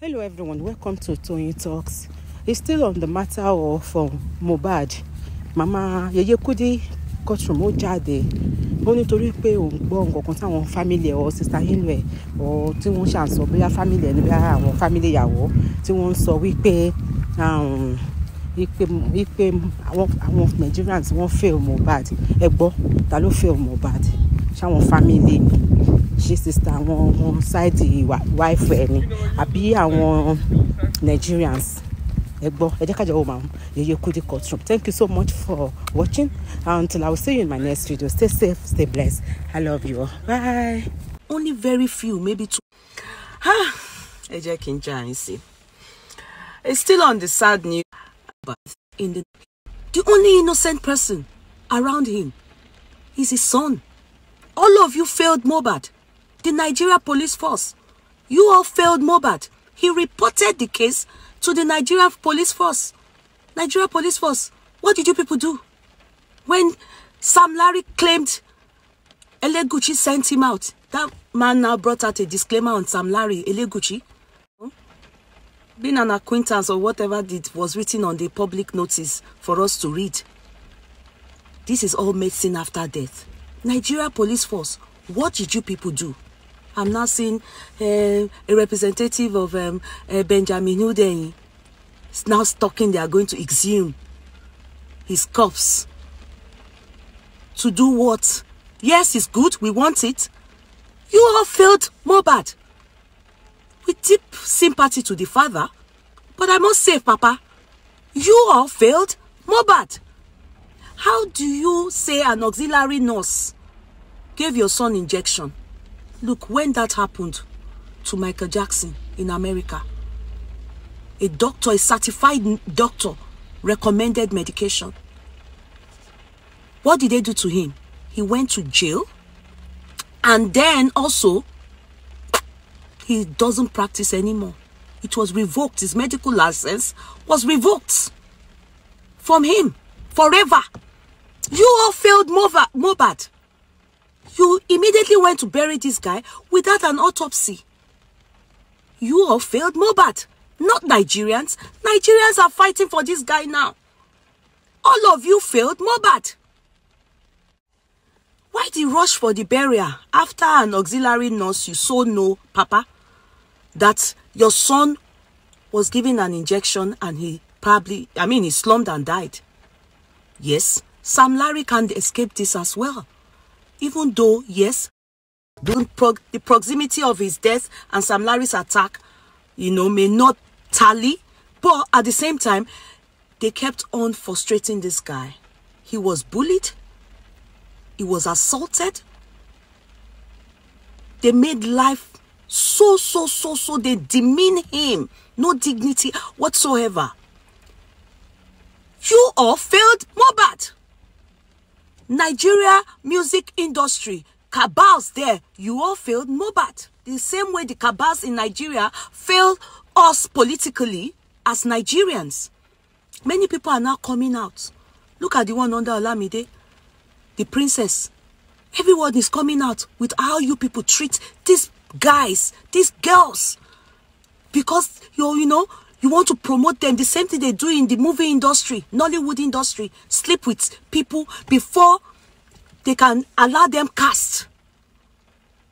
Hello, everyone. Welcome to Tony Talks. It's still on the matter of um, Mohbad. Mama Yeye Kudi courtroom ó jáde. Ó nítorí pé òun gbọ́ nǹkan on family ọ̀ sister inú ẹ̀ ọ̀ tí wọ́n ṣà ń sọ bóyá family ẹ̀ níbi àwọn family ìyàwó tí We pay. sọ um, wípé wípé àwọn Nigerians wọ́n fail Mohbad. Ẹ gbọ́ ta ló fail Mohbad? Ṣáwọn family ni ṣe sista àwọn ṣáìdì wáìfù ẹ̀ ni àbí àwọn Nigerians ẹ gbọ́ ẹ jẹ́ ká jẹ́wọ́ màá yeye kudi courtroom thank you so much for watching until i will see you in my next video stay safe stay blessed i love you all bye. only very few maybe two. Ah, ẹ jẹ́ kí n já yín sí i still on the sad news but in the the only innocent person around him is his son all of you failed Mohbad. the Nigeria police force. You all failed Mobad. He reported the case to the Nigeria police force. Nigeria police force, what did you people do? When Sam Larry claimed Eleguchi sent him out, that man now brought out a disclaimer on Sam Larry, Eleguchi. Being an acquaintance or whatever it was written on the public notice for us to read. This is all medicine after death. Nigeria police force, what did you people do? I'm now seeing uh, a representative of um, uh, Benjamin now talking they are going to exhume his corpse. To do what? Yes, it's good. We want it. You all failed bad. With deep sympathy to the father. But I must say, Papa, you all failed bad. How do you say an auxiliary nurse gave your son injection? Look, when that happened to Michael Jackson in America, a doctor, a certified doctor, recommended medication. What did they do to him? He went to jail. And then also, he doesn't practice anymore. It was revoked. His medical license was revoked from him forever. You all failed Mobad. You immediately went to bury this guy without an autopsy. You all failed Mobat, not Nigerians. Nigerians are fighting for this guy now. All of you failed Mobat. Why the rush for the burial after an auxiliary nurse you so know, Papa, that your son was given an injection and he probably, I mean, he slumped and died? Yes, Sam Larry can escape this as well even though, yes, the proximity of his death and Sam Larry's attack, you know, may not tally, but at the same time, they kept on frustrating this guy. He was bullied. He was assaulted. They made life so, so, so, so. They demean him. No dignity whatsoever. You all failed Mobat. Nigeria music industry, cabals there, you all failed Mobat. The same way the cabals in Nigeria failed us politically as Nigerians. Many people are now coming out. Look at the one under Olamide, the princess. Everyone is coming out with how you people treat these guys, these girls. Because, you you know, You want to promote them, the same thing they do in the movie industry, Nollywood industry. Sleep with people before they can allow them cast.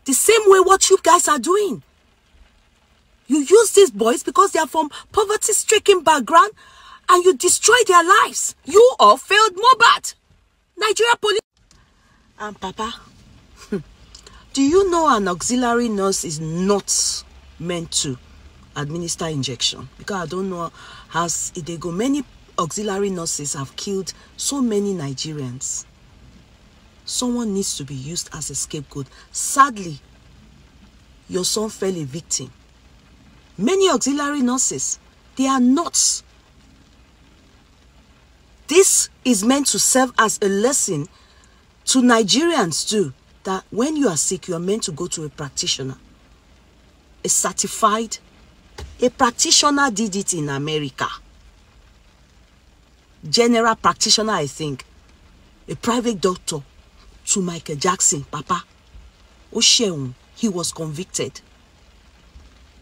The same way what you guys are doing. You use these boys because they are from poverty-stricken background and you destroy their lives. You all failed bad. Nigeria police. And um, Papa, hmm. do you know an auxiliary nurse is not meant to administer injection because I don't know how they go. Many auxiliary nurses have killed so many Nigerians. Someone needs to be used as a scapegoat. Sadly, your son fell a victim. Many auxiliary nurses, they are not. This is meant to serve as a lesson to Nigerians too, that when you are sick, you are meant to go to a practitioner, a certified a practitioner did it in America. General practitioner, I think. A private doctor to Michael Jackson, Papa. Osheun, he was convicted.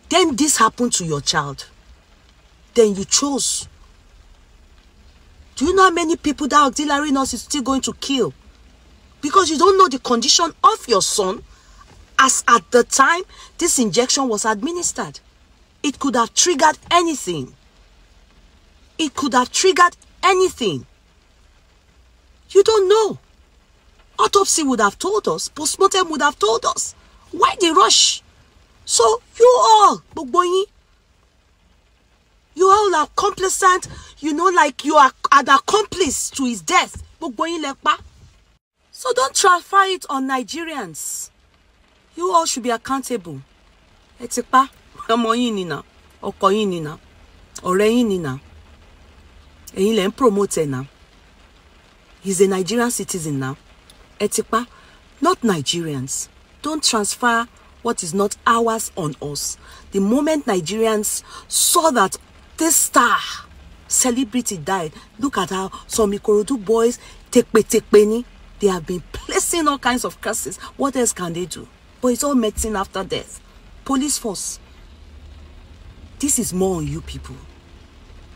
Then this happened to your child. Then you chose. Do you know how many people that auxiliary nurse is still going to kill? Because you don't know the condition of your son as at the time this injection was administered. It could have triggered anything. It could have triggered anything. You don't know. Autopsy would have told us. Postmortem would have told us. Why the rush? So you all, Bogboyin, you all are complicit. You know, like you are an accomplice to his death. Bogboyin lepa. So don't transfer it on Nigerians. You all should be accountable. Etipa. ọmọ yín ni nà ọkọ yín ni nà ọ̀rẹ́ yín ni nà ẹ̀yin lẹ ń promote ẹ̀ nà he is a Nigerian citizen na. ẹ ti pa not Nigerians don't transfer what is not ours on us the moment Nigerians saw that this star celebrity died look at how some Ikorodu boys tepetepe ni they have been placing all kinds of curses what else can they do but it's all medicine after death police force This is more on you people.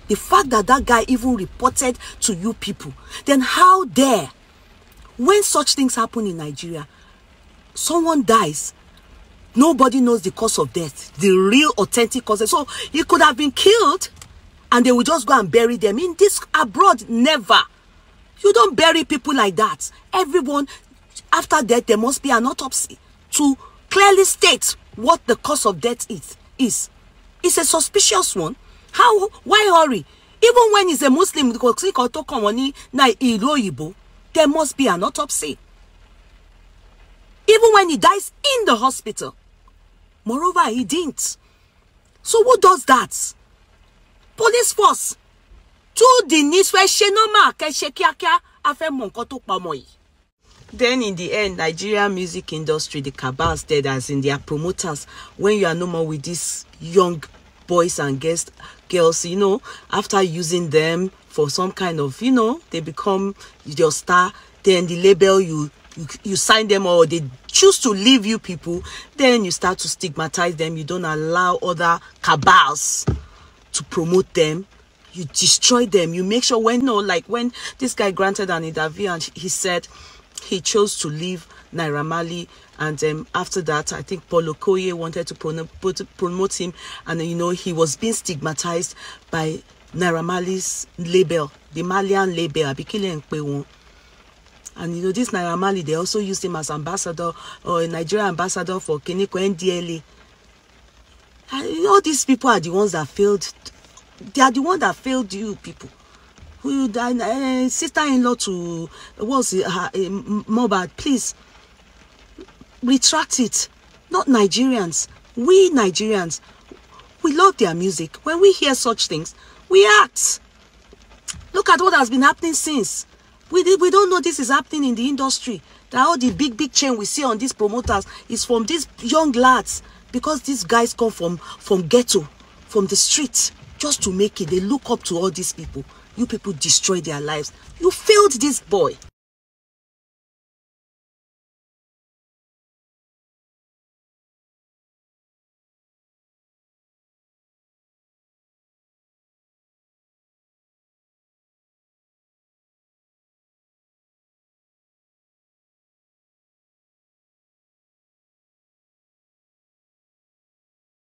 The fact that that guy even reported to you people, then how dare, when such things happen in Nigeria, someone dies, nobody knows the cause of death, the real authentic cause. So he could have been killed and they will just go and bury them. In this abroad, never. You don't bury people like that. Everyone, after death, there must be an autopsy to clearly state what the cause of death is. is. it's a suspicious one how why hurry even when he's a muslim kò sí kan tó kàn wọ́n na ìlú òyìnbó there must be an autopsy even when he dies in the hospital moreover he didn't so who does that police force To di ní fẹ́ ṣe normal kẹ́ ṣe kíákíá a fẹ́ mọ nǹkan Then in the end, Nigeria music industry, the cabal dead as in their promoters. When you are no more with these young boys and girls, you know, after using them for some kind of, you know, they become your star. Then the label you you, you sign them or they choose to leave you people, then you start to stigmatize them. You don't allow other cabals to promote them you destroy them you make sure when no like when this guy granted an interview and he said he chose to leave Nairamali. And um, after that, I think Paulo Koye wanted to promote him. And, you know, he was being stigmatized by Nairamali's label, the Malian label, Abikile Nkwewon. And, you know, this Nairamali, they also used him as ambassador or a Nigerian ambassador for Keniko NDLA. And, you know, these people are the ones that failed. They are the ones that failed you people who died, uh, sister-in-law to was her uh, eh, Mobad, please retract it. Not Nigerians. We Nigerians, we love their music. When we hear such things, we act. Look at what has been happening since. We, we don't know this is happening in the industry. That all the big, big chain we see on these promoters is from these young lads. Because these guys come from, from ghetto, from the street, just to make it. They look up to all these people. You people destroyed their lives. You failed this boy.